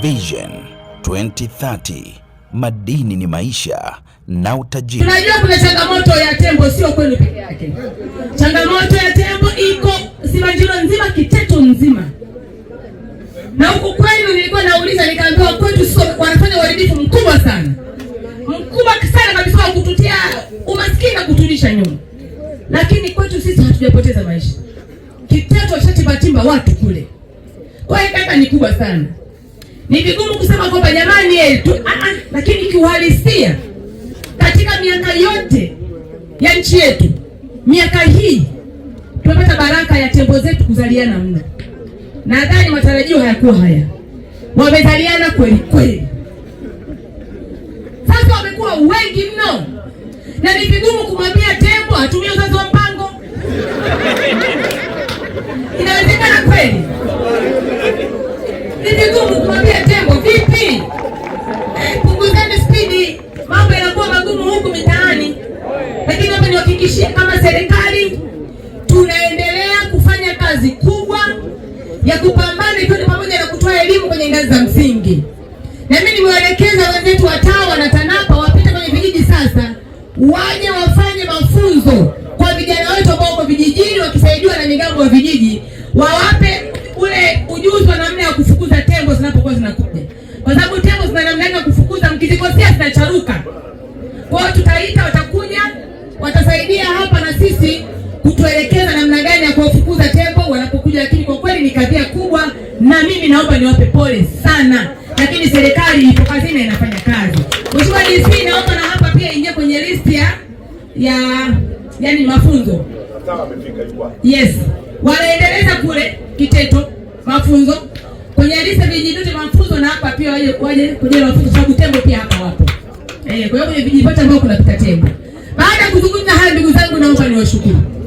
Vision 2030 madini ni maisha na utajiri. Tunajua kuna changamoto ya tembo, sio kwenu peke yake. Changamoto ya tembo iko Simanjiro nzima, Kiteto nzima, na huku kwenu nilikuwa nauliza, nikaambiwa kwetu sio, wanafanya uharibifu mkubwa sana, mkubwa sana kabisa, kututia umaskini na kutulisha nyuma, lakini kwetu sisi hatujapoteza maisha. Kiteto shatibatimba watu kule, kwa hiyo kaka ni kubwa sana. Ni vigumu kusema kwamba jamani yetu, eh, ah, ah, lakini kiuhalisia katika miaka yote ya nchi yetu, miaka hii tumepata baraka ya tembo zetu kuzaliana mno. Nadhani matarajio hayakuwa haya, wamezaliana kweli kweli. Sasa wamekuwa wengi mno, na ni vigumu kumwambia tembo atumie uzazi wa Lakini mnihakikishie kama serikali tunaendelea kufanya kazi kubwa ya kupambana, ikiwa ni pamoja na kutoa elimu kwenye ngazi za msingi, na mimi nimewaelekeza wenzetu wa TAWA na TANAPA wapite kwenye vijiji sasa, waje wafanye mafunzo kwa vijana wetu ambao wako vijijini, wakisaidiwa na migambo ya vijiji, wawape ule ujuzi wa namna ya kufukuza tembo zinapokuwa zinakuja, kwa sababu tembo zina namna ya kufukuza, mkizikosea zinacharuka. Kwa hiyo tutaita kuelekeza namna gani ya kuwafukuza tembo wanapokuja, lakini kwa kweli ni kadhia kubwa, na mimi naomba niwape pole sana, lakini serikali ipo kazini na inafanya kazi. Mheshimiwa DC, naomba na hapa pia ingia kwenye listi ya ya yani mafunzo yes, wanaendeleza kule Kiteto mafunzo kwenye lisa vijidudu mafunzo, na hapa pia waje waje kwenye mafunzo, sababu tembo pia hapa wapo eh. Kwa hiyo kwenye vijipata ambao kunapita tembo. Baada ya kuzungumza haya, ndugu zangu, naomba niwashukuru.